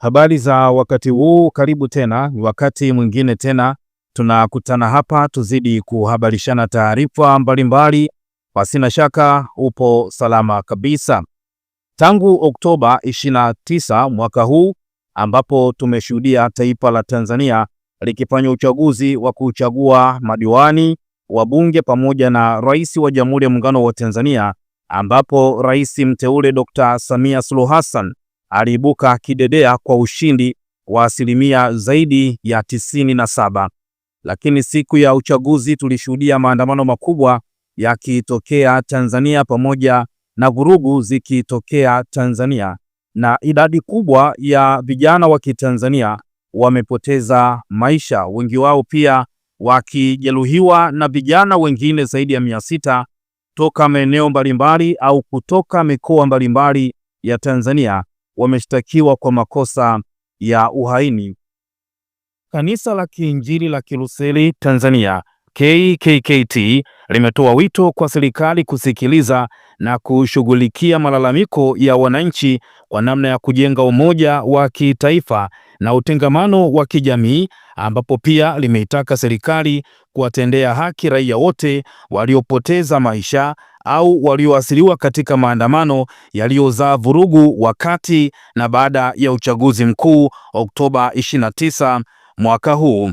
Habari za wakati huu, karibu tena. Ni wakati mwingine tena tunakutana hapa tuzidi kuhabarishana taarifa mbalimbali. Pasina shaka upo salama kabisa. Tangu Oktoba 29 mwaka huu ambapo tumeshuhudia taifa la Tanzania likifanya uchaguzi wa kuchagua madiwani, wabunge pamoja na rais wa Jamhuri ya Muungano wa Tanzania, ambapo rais mteule Dr. Samia Suluhu Hassan aliibuka kidedea kwa ushindi wa asilimia zaidi ya tisini na saba. Lakini siku ya uchaguzi tulishuhudia maandamano makubwa yakitokea Tanzania pamoja na vurugu zikitokea Tanzania, na idadi kubwa ya vijana wa Kitanzania wamepoteza maisha, wengi wao pia wakijeruhiwa na vijana wengine zaidi ya mia sita toka maeneo mbalimbali au kutoka mikoa mbalimbali ya Tanzania wameshtakiwa kwa makosa ya uhaini. Kanisa la Kiinjili la Kilutheri Tanzania KKKT limetoa wito kwa serikali kusikiliza na kushughulikia malalamiko ya wananchi kwa namna ya kujenga umoja wa kitaifa na utengamano wa kijamii, ambapo pia limeitaka serikali kuwatendea haki raia wote waliopoteza maisha au walioasiliwa katika maandamano yaliyozaa vurugu wakati na baada ya uchaguzi mkuu Oktoba 29 mwaka huu.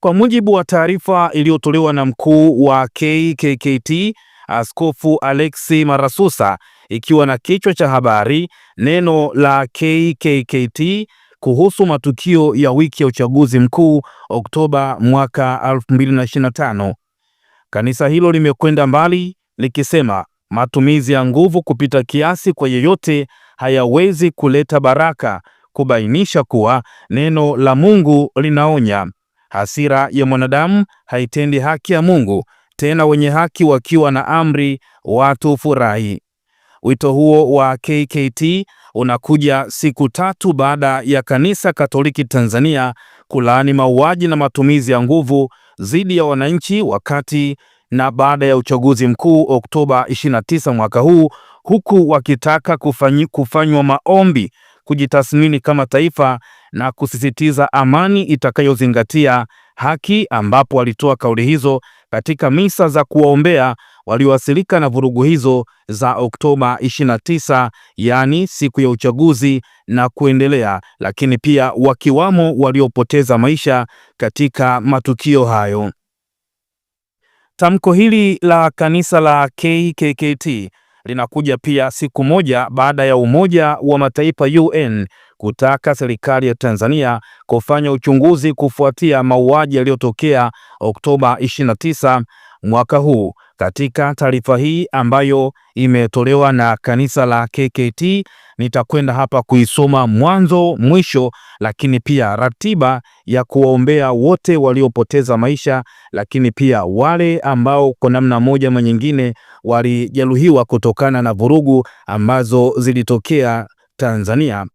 Kwa mujibu wa taarifa iliyotolewa na mkuu wa KKKT Askofu Alexi Marasusa ikiwa na kichwa cha habari neno la KKKT kuhusu matukio ya wiki ya uchaguzi mkuu Oktoba mwaka 2025. Kanisa hilo limekwenda mbali likisema matumizi ya nguvu kupita kiasi kwa yeyote hayawezi kuleta baraka, kubainisha kuwa neno la Mungu linaonya hasira ya mwanadamu haitendi haki ya Mungu, tena wenye haki wakiwa na amri watu furahi. Wito huo wa KKT unakuja siku tatu baada ya Kanisa Katoliki Tanzania kulaani mauaji na matumizi ya nguvu dhidi ya wananchi wakati na baada ya uchaguzi mkuu Oktoba 29 mwaka huu, huku wakitaka kufanyi, kufanywa maombi kujitathmini kama taifa na kusisitiza amani itakayozingatia haki, ambapo walitoa kauli hizo katika misa za kuwaombea walioathirika na vurugu hizo za Oktoba 29, yaani siku ya uchaguzi na kuendelea, lakini pia wakiwamo waliopoteza maisha katika matukio hayo. Tamko hili la kanisa la KKKT linakuja pia siku moja baada ya Umoja wa Mataifa UN kutaka serikali ya Tanzania kufanya uchunguzi kufuatia mauaji yaliyotokea Oktoba 29 mwaka huu katika taarifa hii ambayo imetolewa na kanisa la KKT nitakwenda hapa kuisoma mwanzo mwisho, lakini pia ratiba ya kuwaombea wote waliopoteza maisha, lakini pia wale ambao kwa namna moja ama nyingine walijeruhiwa kutokana na vurugu ambazo zilitokea Tanzania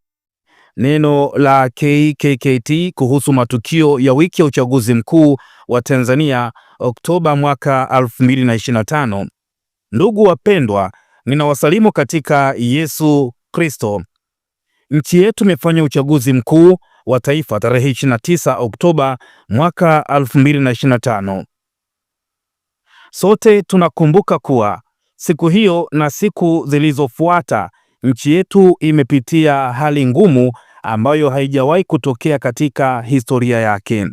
Neno la KKKT kuhusu matukio ya wiki ya uchaguzi mkuu wa Tanzania Oktoba mwaka 2025. Ndugu wapendwa, ninawasalimu katika Yesu Kristo. Nchi yetu imefanya uchaguzi mkuu wa taifa tarehe 29 Oktoba mwaka 2025. Sote tunakumbuka kuwa siku hiyo na siku zilizofuata nchi yetu imepitia hali ngumu ambayo haijawahi kutokea katika historia yake.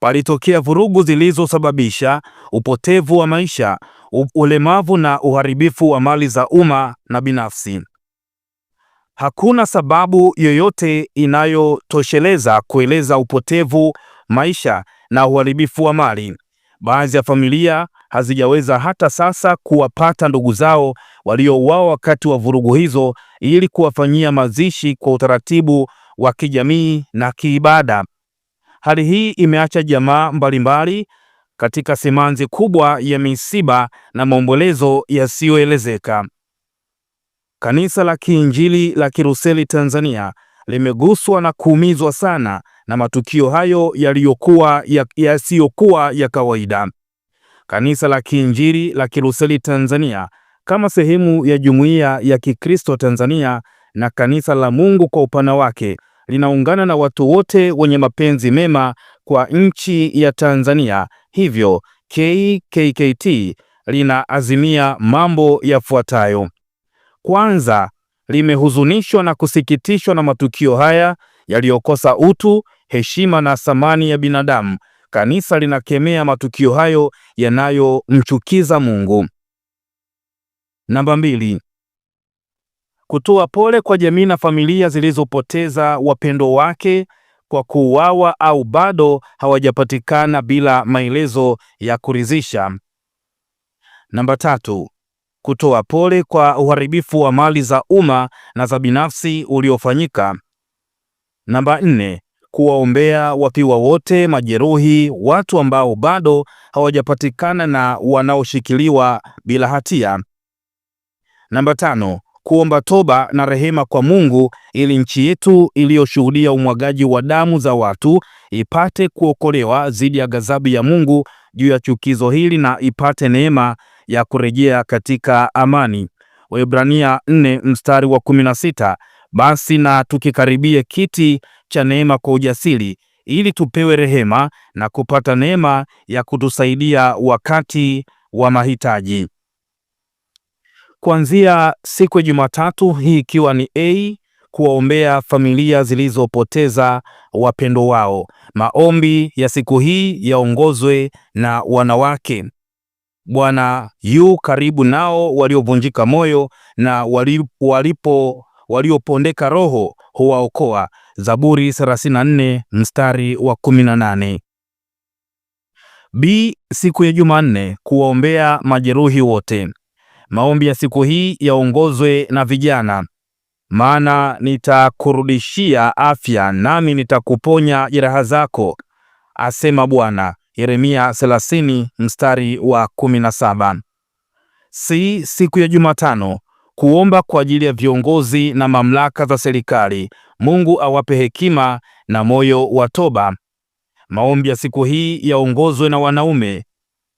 Palitokea vurugu zilizosababisha upotevu wa maisha, ulemavu na uharibifu wa mali za umma na binafsi. Hakuna sababu yoyote inayotosheleza kueleza upotevu, maisha na uharibifu wa mali. Baadhi ya familia hazijaweza hata sasa kuwapata ndugu zao waliouawa wakati wa vurugu hizo ili kuwafanyia mazishi kwa utaratibu wa kijamii na kiibada. Hali hii imeacha jamaa mbalimbali katika simanzi kubwa ya misiba na maombolezo yasiyoelezeka. Kanisa la Kiinjili la Kiruseli Tanzania limeguswa na kuumizwa sana na matukio hayo yaliyokuwa yasiyokuwa ya, ya kawaida. Kanisa la Kiinjili la Kilutheri Tanzania kama sehemu ya Jumuiya ya Kikristo Tanzania na Kanisa la Mungu kwa upana wake linaungana na watu wote wenye mapenzi mema kwa nchi ya Tanzania. Hivyo KKKT linaazimia mambo yafuatayo. Kwanza, limehuzunishwa na kusikitishwa na matukio haya yaliyokosa utu, heshima na thamani ya binadamu Kanisa linakemea matukio hayo yanayomchukiza Mungu. Namba mbili, kutoa pole kwa jamii na familia zilizopoteza wapendo wake kwa kuuawa au bado hawajapatikana bila maelezo ya kuridhisha. Namba tatu, kutoa pole kwa uharibifu wa mali za umma na za binafsi uliofanyika. Namba nne, kuwaombea wapiwa wote, majeruhi, watu ambao bado hawajapatikana na wanaoshikiliwa bila hatia. Namba tano, kuomba toba na rehema kwa Mungu ili nchi yetu iliyoshuhudia umwagaji wa damu za watu ipate kuokolewa dhidi ya ghadhabu ya Mungu juu ya chukizo hili na ipate neema ya kurejea katika amani. Waebrania 4 mstari wa 16. Basi na tukikaribie kiti cha neema kwa ujasiri ili tupewe rehema na kupata neema ya kutusaidia wakati wa mahitaji. Kuanzia siku ya Jumatatu hii ikiwa ni A, kuwaombea familia zilizopoteza wapendo wao. Maombi ya siku hii yaongozwe na wanawake. Bwana yu karibu nao waliovunjika moyo na walipo waliopondeka roho huwaokoa. Zaburi 34 mstari wa 18. B. Siku ya Jumanne, kuwaombea majeruhi wote. Maombi ya siku hii yaongozwe na vijana, maana nitakurudishia afya nami nitakuponya jeraha zako, asema Bwana. Yeremia 30 mstari wa 17. C. Siku ya Jumatano kuomba kwa ajili ya viongozi na mamlaka za serikali. Mungu awape hekima na moyo wa toba. Maombi ya siku hii yaongozwe na wanaume.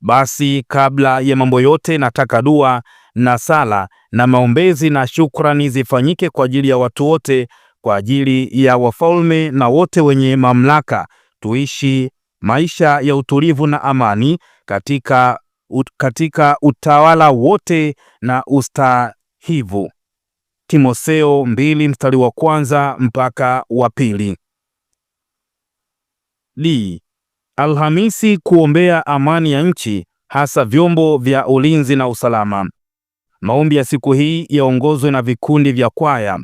Basi kabla ya mambo yote, nataka dua na sala na maombezi na shukrani zifanyike kwa ajili ya watu wote, kwa ajili ya wafalme na wote wenye mamlaka. Tuishi maisha ya utulivu na amani katika, ut, katika utawala wote na usta hivu. Timotheo mbili mstari wa kwanza mpaka wa pili. D. Alhamisi kuombea amani ya nchi hasa vyombo vya ulinzi na usalama. Maombi ya siku hii yaongozwe na vikundi vya kwaya.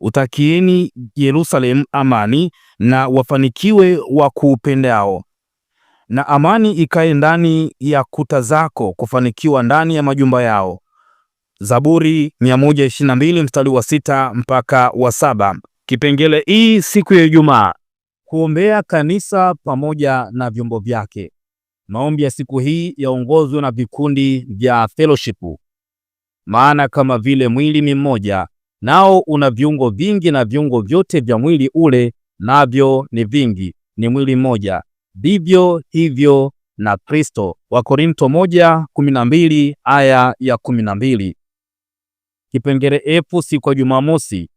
Utakieni Yerusalemu amani na wafanikiwe wa kuupendao. Na amani ikae ndani ya kuta zako, kufanikiwa ndani ya majumba yao. Zaburi 122 mstari wa sita mpaka wa saba. Kipengele hii siku ya Ijumaa, kuombea kanisa pamoja na vyombo vyake. Maombi ya siku hii yaongozwe na vikundi vya fellowship, maana kama vile mwili ni mmoja, nao una viungo vingi, na viungo vyote vya mwili ule navyo ni vingi, ni mwili mmoja, vivyo hivyo na Kristo. Wakorinto moja aya ya kumi kipengele efu siku ya Jumamosi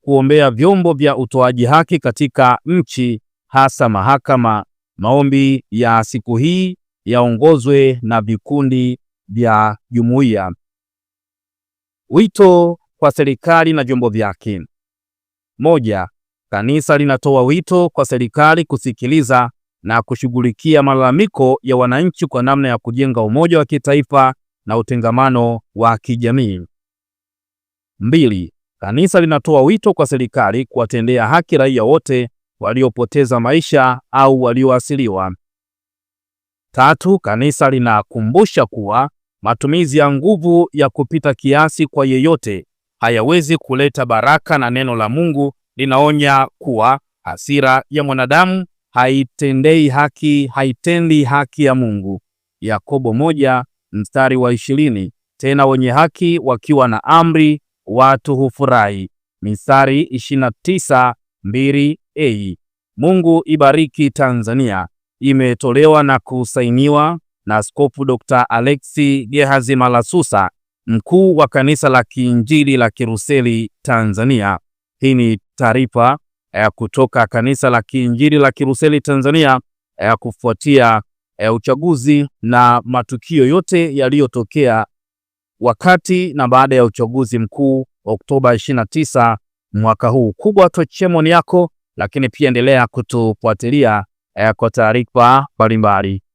kuombea vyombo vya utoaji haki katika nchi hasa mahakama. Maombi ya siku hii yaongozwe na vikundi vya jumuiya. Wito kwa serikali na vyombo vyake. Moja, kanisa linatoa wito kwa serikali kusikiliza na kushughulikia malalamiko ya wananchi kwa namna ya kujenga umoja wa kitaifa na utengamano wa kijamii. Mbili, kanisa linatoa wito kwa serikali kuwatendea haki raia wote waliopoteza maisha au walioasiliwa. Tatu, kanisa linakumbusha kuwa matumizi ya nguvu ya kupita kiasi kwa yeyote hayawezi kuleta baraka, na neno la Mungu linaonya kuwa hasira ya mwanadamu haitendei haki, haitendi haki ya Mungu. Yakobo moja mstari wa ishirini. Tena wenye haki wakiwa na amri watu hufurahi. misari 292 a Mungu ibariki Tanzania imetolewa na kusainiwa na Askofu Dr. Alexi Gehazi Malasusa, mkuu wa kanisa la Kiinjili la Kiruseli Tanzania. Hii ni taarifa ya eh, kutoka kanisa la Kiinjili la Kiruseli Tanzania ya eh, kufuatia eh, uchaguzi na matukio yote yaliyotokea wakati na baada ya uchaguzi mkuu wa Oktoba 29 mwaka huu. Kubwa tochemoni yako, lakini pia endelea kutufuatilia eh, kwa taarifa mbalimbali.